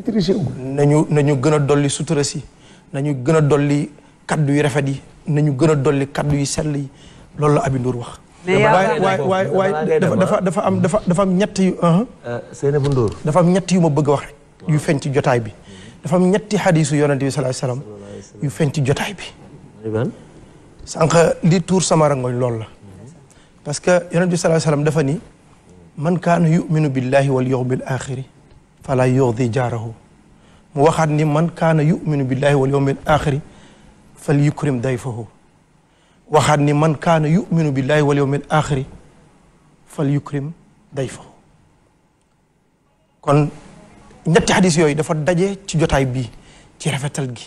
maîtriser wu. nañu nañu gën a dolli sutura si nañu gën a dolli kaddu yi rafet yi nañu gën a dolli kaddu yi sell yi loolu la Aby Ndour wax. mais waaye waaye dafa am dafa dafa am ñett yu. Uh-huh. Euh, Seynabou Ndour. dafa am ñett yu ma bëgg a wax yu feeñ ci jotaay bi. dafa am ñetti xadiisu yonente bi sallallahu alayhi wasallam yu feeñ ci jotaay bi. sànq li tuur sama rangoñ loolu la. parce que yonente bi sallallahu alayhi wasallam dafa ni. man kaana yuminu billahi wal yawmil axiri fala yurdi jaarahu mu waxaat ni man kaana yuminu billahi wal yawmil axiri fal yukrim dayfahu waxaat ni man kaana yuminu billahi wal yawmil axiri fal yukrim dayfahu kon ñetti xadis yooyu dafa daje ci jotaay bii ci rafetal gi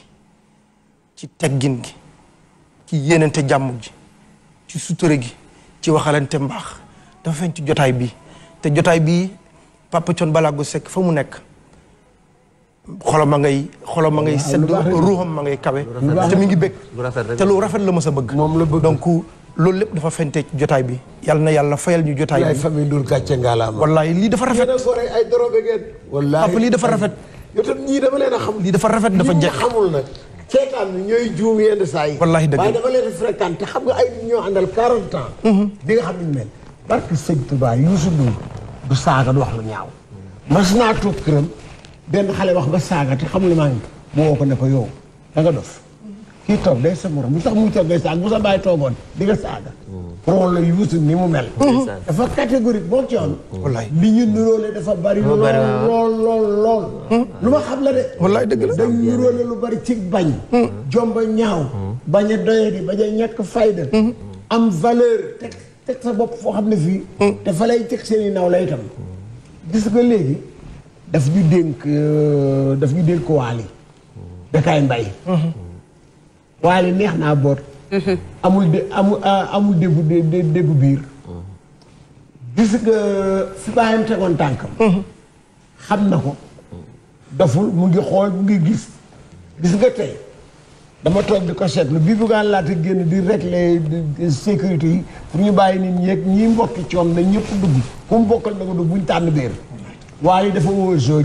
ci teggin gi ci yéenante jàmm ji ci sutura gi ci waxalante mbaax dafa feeñ ci jotaay bii te jotaay bii Papa Thione Ballago Seck fa mu nekk xolam ma ngay xolam ma ngay sedd ruuxam ma ngay kawe te mi ngi bëgg te lu rafet la ma sa bëgg moom la bëgg donc loolu lépp dafa fente ci jotaay bi yal na yàlla fayal ñu jotaay bi famille Ndour gàcce nga la lii dafa rafet ay dorobe ngeen wallaay papa lii dafa rafet yow tam ñii dama a xam lii dafa rafet dafa jeex xamul nag seetaan bi ñooy juum yenn saa yi wallaay dëgg waaye a fréquenté xam nga ay ñoo àndal 40 ans bi mhm. nga xam ne mel barke bu saaga du wax lu ñaaw mas naa toog këram benn xale wax ba saaga te xamul maa ngi moo woo ko ne ko yow da nga dof kii toog day sa morom lu tax muy toog saaga bu sa bàyyi toogoon di nga saaga rôle la yuusu ni mu mel dafa catégorique boo ci yoon wallaay li ñu nuróole dafa bari lool lool lool hmm? lu ma xam la de dañ nuróole lu bari ci bañ hmm? jomba ñaaw hmm? bañ a doyadi bañ a ñàkk fayda am valeur teg sa bopp foo xam ne fii. te lay teg seen i naaw la itam. gis nga léegi daf ñu dénk euh, daf ñu dénk waali. dakaay mbay. waali neex naa boot. amul de amul euh, dé déggu déggu biir. gis nga fi baayam tegoon tànkam. xam na ko. daful mu ngi xool mu ngi gis. gis nga tey. dama toog di ko seetlu bi laa laata génn di régler sécurité yi pour ñu bàyyi nit ñi ak ñi mbokki coon na ñëpp dugg ku mu bokkal na ko dugg buñ tànn béer waaye dafa wóor soo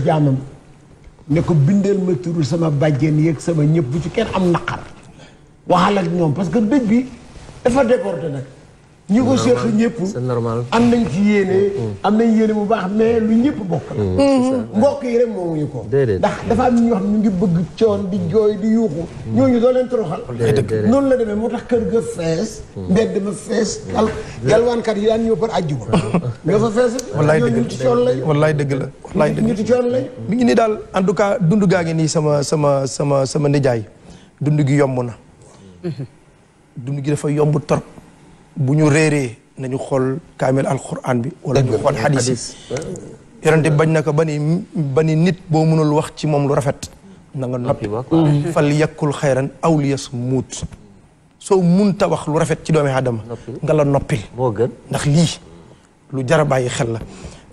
ne ko bindal ma turu sama bàjjen yeeg sama ñëpp bu ci kenn am naqar waxal ak ñoom parce que dëj bi dafa déporté nag ñi ko seq am nañ ci yéene mm, mm. am nañ yéene bu baax mais lu ñëpp bokk la mm, mbokk ko ndax dafa am ñoo xam ñu ngi bëgg coon di jooy di yuuxu ñooñu doo leen toroxal noonu la demee moo tax kër ga fees mbedd ma fees al yalwaankat yi daan ñëw par àjjuma ñoo fa fees wallaay dëgg la ci coon lañ wallaay dëgg la wallaay dëgg ñu ci coon mi ngi ni daal en tout cas dund gaa ngi nii sama sama sama sama nijaay dund gi yomb na dund gi dafa yomb torop bu ñu reeree nañu xool kaamil alquran bi wala ñu xool xadis yi bañ na ko bani ba nit boo mënul wax ci moom lu rafet na nga noppi mm-hmm. fal yakkul xayran aw liyas muut soo munta wax lu rafet ci doomi aadama nga la noppil moo gën ndax lii lu jar a bàyyi xel la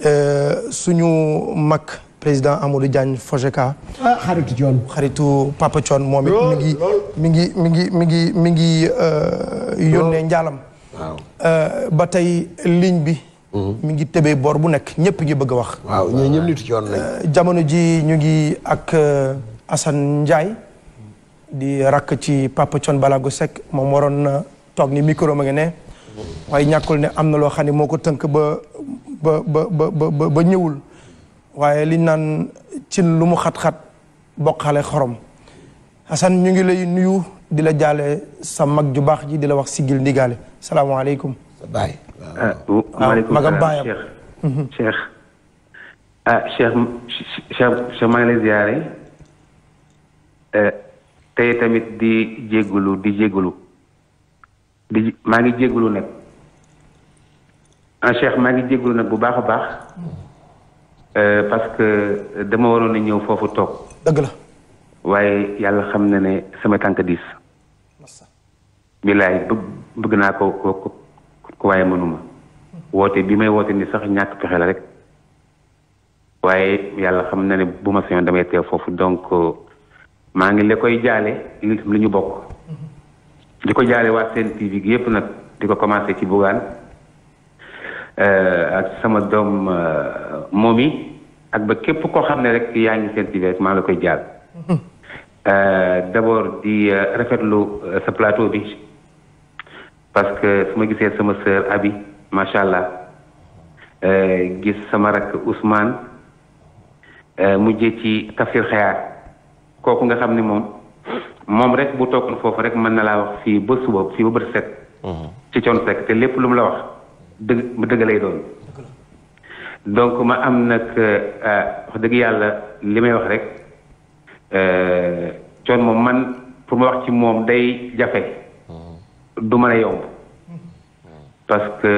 euh, suñu mag président Amadou Diagne Fojeka ah, xaritu xaritu Papa John moom it mi ngi mi ngi mi ngi mi ngi mi ngi yónnee njaalam waaw euh, ba tey ligne bi. mu mhm. ngi tebee boor bu nekk ñëpp ngi bëgg a wax. waaw ñooñu ñëpp nit yoon euh, jamono ji ñu ngi ak euh, Assane njaay di rakk ci Papa Thione Balago Seck moom waroon na toog ni micro ma nga ne. waaye ñàkkul ne am na loo xam ne moo ko tënk ba ba ba ba ba ñëwul. waaye li naan cin lu mu xat-xat bokkale xorom Assane ñu ngi lay nuyu. di la jaale sa mag ju baax ji di la wax siggil ndigaale salaamaaleykum. baay ah, waaw magam baayam Cheikh mhm. ah Cheikh Cheikh maa ngi lay ziare eh, tey tamit di jégalu di jégalu maa ngi jégalu nag ah Cheikh maa ngi jégalu nag bu baax a baax eh, parce que dama waroon a ñëw foofu toog. dëgg la. waaye yàlla xam na ne sama tànk diis bilaay bëgg naa ko ko waaye mënuma woote bi may woote ni sax ñàkk pexe la rek waaye yàlla xam na ne bu ma sañoon damay teew foofu donc maa ngi la koy jaale li li ñu bokk di ko jaale waa seen TV gi yépp nag di ko commencé ci Bougane euh, ak sama doom euh, moom yi ak ba képp koo xam ne rek yaa ngi seen TV rek maa la koy jaal Euh, d'abord di euh, rafetlu euh, sa plateau bi parce que su ma gisee sama sœur Abi macha allah gis sama rakk Ousmane mujje ci tafsir xayaat kooku nga xam ni moom moom rek bu toogoon foofu rek mën na laa wax fii ba suba fii ba bët set mhm. ci coon sekk te lépp lu mu la wax dëgg dëgg lay doon donc ma am nag ah, dëgg yàlla li may wax rek Euh, coon moom man pour ma wax ci moom day jafe mm-hmm. du mën a yomb mm-hmm. parce que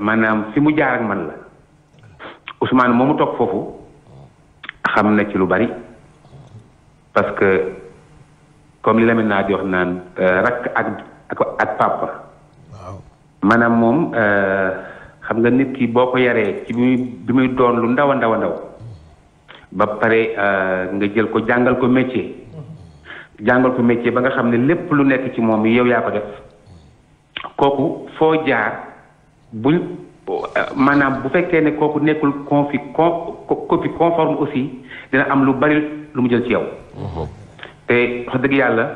maanaam fi mu jaar ak man la Ousmane moomu toog foofu mm-hmm. xam na ci lu bari parce que comme li la naa di wax naan euh, rakk ak ak papa maanaam moom euh, xam nga nit ki boo ko yaree ci bi muy bi doon lu ndaw a ndaw ba pare euh, nga jël ko jàngal ko métier jàngal ko métier ba nga xam ne lépp lu nekk ci moom yow yaa ko def kooku foo jaar buñ maanaam bu fekkee ne kooku nekkul confi copie conforme aussi dina am lu bari lu mu jël ci yow. te wax dëgg yàlla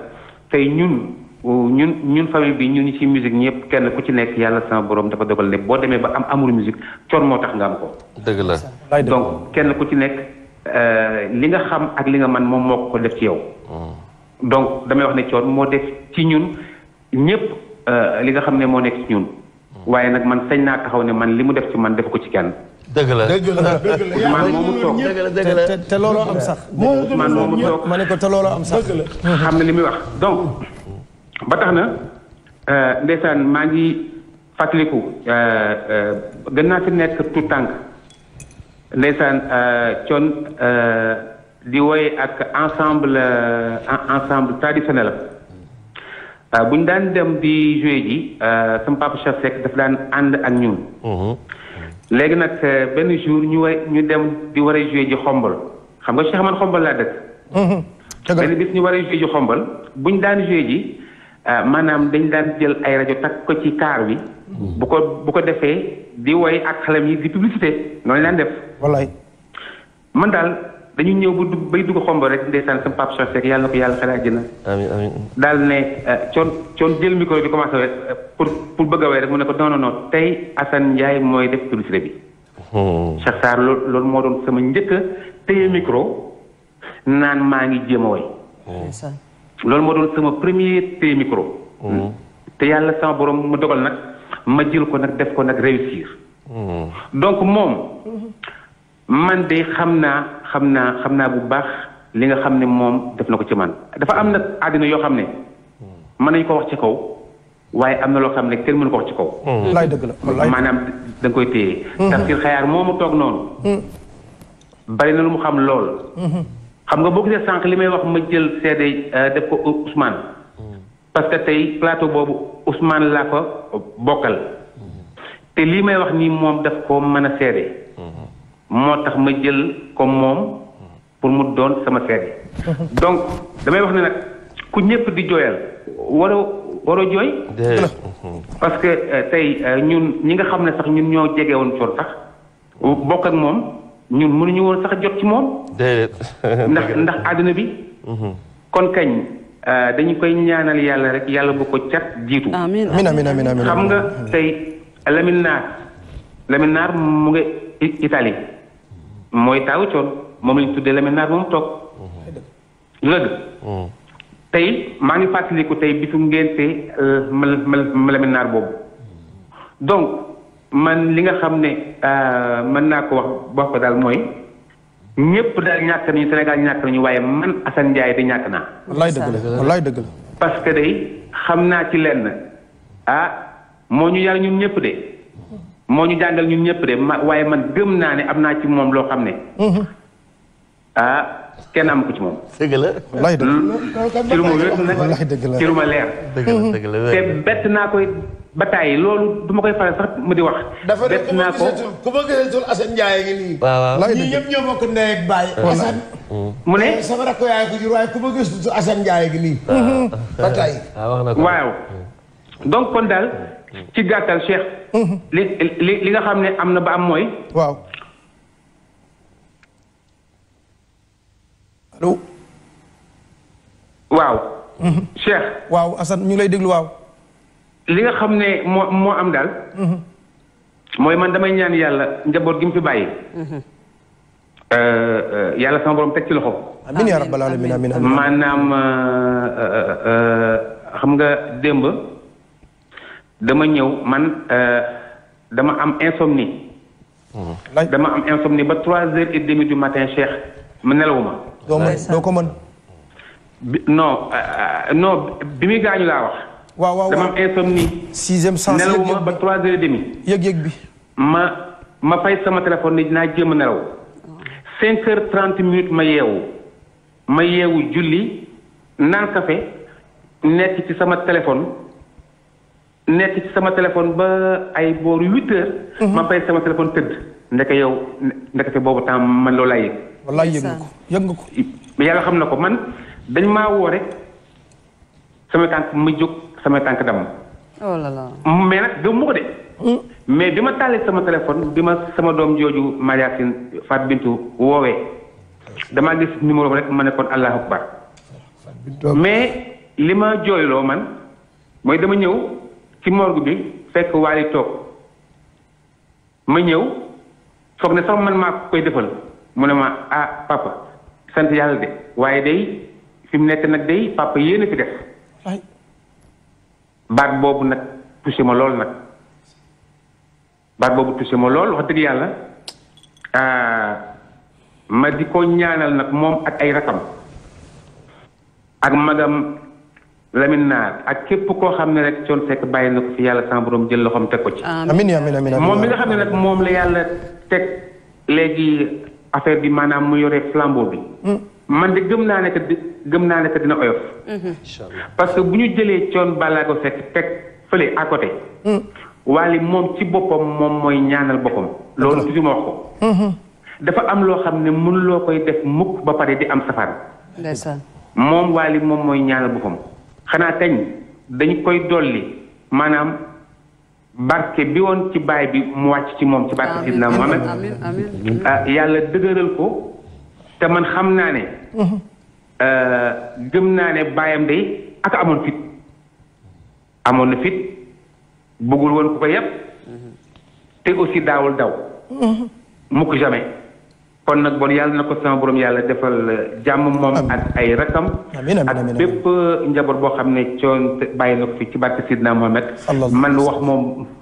tey ñun ñun ñun famille bi ñun ci musique ñëpp kenn ku ci nekk yàlla sama borom dafa dogal ne boo demee ba am amul musique coon moo tax nga am ko. dëgg la donc kenn ku ci nekk. Euh, li nga xam ak li nga man moom moo ko def ci yow. Oh. donc damay wax ne coon moo def ci ñun ñëpp euh, li nga xam ne moo nekk ci ñun. Oh. waaye nag man sañ naa taxaw ne man li mu def ci man def ko ci kenn. dëgg la dëgg la dëgg la moomu toog te te looloo am sax. Ousmane moomu toog ma ne ko te looloo am sax. xam na li muy wax donc ba tax na euh, ndeysaan maa ngi fàttaliku gën naa fi nekk tout tànk ndeysaan con euh, euh, di woy ak ensemble euh, ensemble traditionnel bu ñu daan dem di joué ji sama papa Cheikh Seck daan ànd ak ñun. Mhm. léegi nag benn jour ñu way ñu dem di war a joué ji xombal xam nga Cheikh man xombal laa dëkk. Mhm. benn bis ñu war a joué ji bu ñu daan joué ji maanaam dañ daan jël ay rajo takk ko ci kaar wi. bu ko bu ko defee di woy ak xalam yi di publicité noonu leen def. wallaay. man daal dañuy ñëw ba dugg bay dugg xombo rek ndeysaan sama pap Socé yàlla na ko yàlla xale àjjana. amiin amiin daal ne eh, coon coon jël di commencé eh, rek bëgg a woy rek ne ko non non tey Assane Ndiaye mooy def publicité bi. Hmm. Cheikh Sarr loolu loolu moo doon sama njëkk a téye micro naan maa ngi jéem woy. loolu moo doon sama premier téye micro. Hmm. te yàlla sama borom mu dogal nag. ma jël ko nag def ko nag réussir. donc moom. man de xam naa xam naa xam naa bu baax li nga xam ne moom def na ko ci man dafa am nag àddina yoo xam ne. mën nañu ko wax ci kaw waaye am na loo xam ne kenn mënu ko wax ci kaw. maanaam da nga koy téye. tafsir xayaar moomu toog noonu. bari na lu mu xam lool. Mm-hmm. xam nga boo gisee sànq li may wax ma jël seede euh, def ko Ousmane. parce que tey plateau boobu Ousmane laa ko bokkal te lii may wax nii moom daf ko mën a seede moo tax ma jël ko moom pour mu doon sama seede donc damay wax ne nag ku ñëpp di jooyal waroo waroo jooy parce que euh, tey euh, ñun ñi nga xam ne sax ñun ñoo jege woon coon sax bokk ak moom ñun mënuñu woon sax jot ci moom ndax ndax àdduna bi mm-hmm. kon kañ Euh, dañu koy ñaanal yàlla rek yàlla bu ko cat jiitu. amiin amiin amiin xam nga tey Lamine Naar Lamine Naar mu ngi Italie mooy taawu coon moom lañ tuddee Lamine Naar moom toog. dëgg mm. tey maa ngi fàttaliku tey bi ngénte euh, Lamine Naar boobu donc man li nga xam ne euh, mën naa ko wax wax ko daal mooy. ñëpp daal ñàkk nañu Sénégal ñàkk nañu waaye man Assane Ndiaye de ñàkk naa. wallaay dëgg la wallaay dëgg xam naa ci lenn ah moo ñu yar ñun ñëpp de moo ñu jàngal ñun ñëpp de ma waaye man gëm naa ne am naa ci moom loo xam ne. Mhm. ah kenn am ko ci moom. ci lu ma wér nag ci lu ma leer. te bett naa koy. ba loolu du ma koy faral sax mu di wax. dafa ne ku ma gisatul ku ma gisatul Assane Ndiaye ngi nii. waaw waaw ñii ñëpp ñoo bokk ndey ak baay. mu ne sama rakk yaay ko jur waaye ku ma gisatul Assane Ndiaye ngi nii. Mhm. ba ah, waaw donc kon daal ci gàttal Cheikh. Mhm. li li li nga xam ne am na ba am mooy. waaw. waaw. Mhm. Cheikh. waaw Assane ñu lay déglu waaw. li nga xam ne moo moo am daal. Mm-hmm. mooy man damay ñaan yàlla njaboot gi mu fi bàyyi. Mm-hmm. Euh, euh, yàlla sama borom teg ci loxo. amiin yaa rabbal aalamiin amiin amiin maanaam euh, xam nga démb dama ñëw man dama am insomnie. Mm-hmm. dama am insomnie ba trois heures et demie du matin Cheikh ma nelawuma. doo ko mën. non non bi muy gaañu laa wax. waaw waaw dama am insomnie. sixième sens nelawuma yëg-yëg bi. ma ma fay sama téléphone ni naa jéem a nelaw. cinq heures trente minutes ma yeewu. ma yeewu julli naan kafe nekk ci sama téléphone. nekk ci sama téléphone ba ay booru huit heures. Mhm. ma fay sama téléphone tëdd. ndeke yow ndeke boobu temps man loolu laa yëg. wallaay yëg nga ko yëg nga ko. yàlla xam na ko man dañ maa woo rek sama tànk ma jóg. sama tànk dam oh là nag gëm mu ko de. Hmm. mais bi ma taalee sama téléphone bi ma sama doom jooju Mariasin Fat Bintu woowee damaa gis numéro rek ma ne kon allahu akbar mais li ma jooyloo man mooy dama ñëw ci morgue bi fekk waali toog ma ñëw foog ne sax man maa koy defal mu ne ma ah papa sant yàlla de waaye day fi mu nekk nag day papa yéen fi def. baat boobu nag touché ma lool nag baat boobu touché ma lool wax dëgg yàlla ah, ma di ko ñaanal nag moom ak ay rakam ak magam Lamine Naar ak képp koo xam ne rek coon fekk bàyyi na ko fi yàlla sama borom jël loxoom teg ko ci. amiin amiin amiin moom mi nga xam ne nag moom la yàlla teg léegi affaire bi maanaam mu yore flambeau bi. Hmm. man de gëm naa ne que gëm naa ne que dina oyof. Mhm. parce que bu ñu jëlee coon balaago fekk teg fële à côté. Mm. waali moom ci boppam moom mooy ñaanal boppam. loolu toujours ko. Mhm. dafa am loo xam ne mënuloo koy def mukk ba pare di am safar. ndeysaan moom waali moom mooy ñaanal boppam. xanaa kañ dañ koy dolli maanaam barke bi woon ci baay bi mu wàcc ci moom ci barke Sidna Muhammad ah, yàlla dëgëral ko. te man xam naa ne. Mhm. Euh, gëm naa ne baayam day ak amoon fit amoon na fit bëggul woon ku ko yëpp. Mhm. te aussi daawul daw. Mhm. mukk jamais. kon nag bon yàlla na ko sama borom yàlla defal euh, jàmm moom ak ay rakam ak bépp njaboot boo xam ne coon bàyyi na ko fi ci barke Sidna Mohamed man wax moom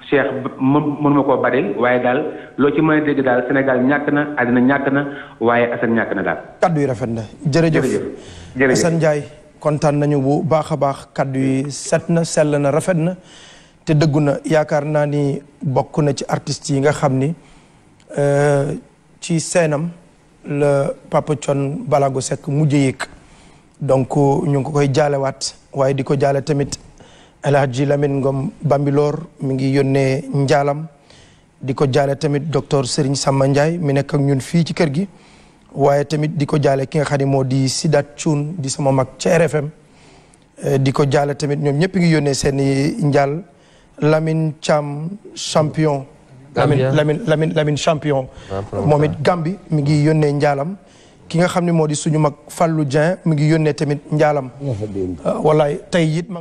Cheikh mënuma koo bari waaye daal loo ci mën a dégg daal Sénégal ñàkk na àddina ñàkk na waaye Assane ñàkk na daal kaddu yi rafet na jërëjëf jërëjëf Assane Ndiaye kontaan nañu bu baax a baax kaddu yi set na sell na rafet na te dëggu na yaakaar naa ni bokk na ci artistes yi nga xam ni euh, ci seenam la Papa Balago Seck mujj yëg donc ñu ngi ko koy jaalewaat waaye di ko jaale tamit El Hadji Lamine Ngom Bambilor mi ngi yónnee njaalam di ko jaale tamit docteur Serigne sama Ndiaye mi nekk ak ñun fii ci kër gi waaye tamit di ko jaale ki nga xam ne moo di Sidat Thioune di sama mag ci RFM eh, di ko jaale tamit ñoom ñëpp ngi yónnee seen i njaal Lamine Thiam champion Lamine Lamine Lamine champion. moom it Gambie mi ngi yónnee njaalam. ki nga xam ne moo di suñu mag Fallou Dieng mi ngi yónnee tamit njaalam. wallaay tey it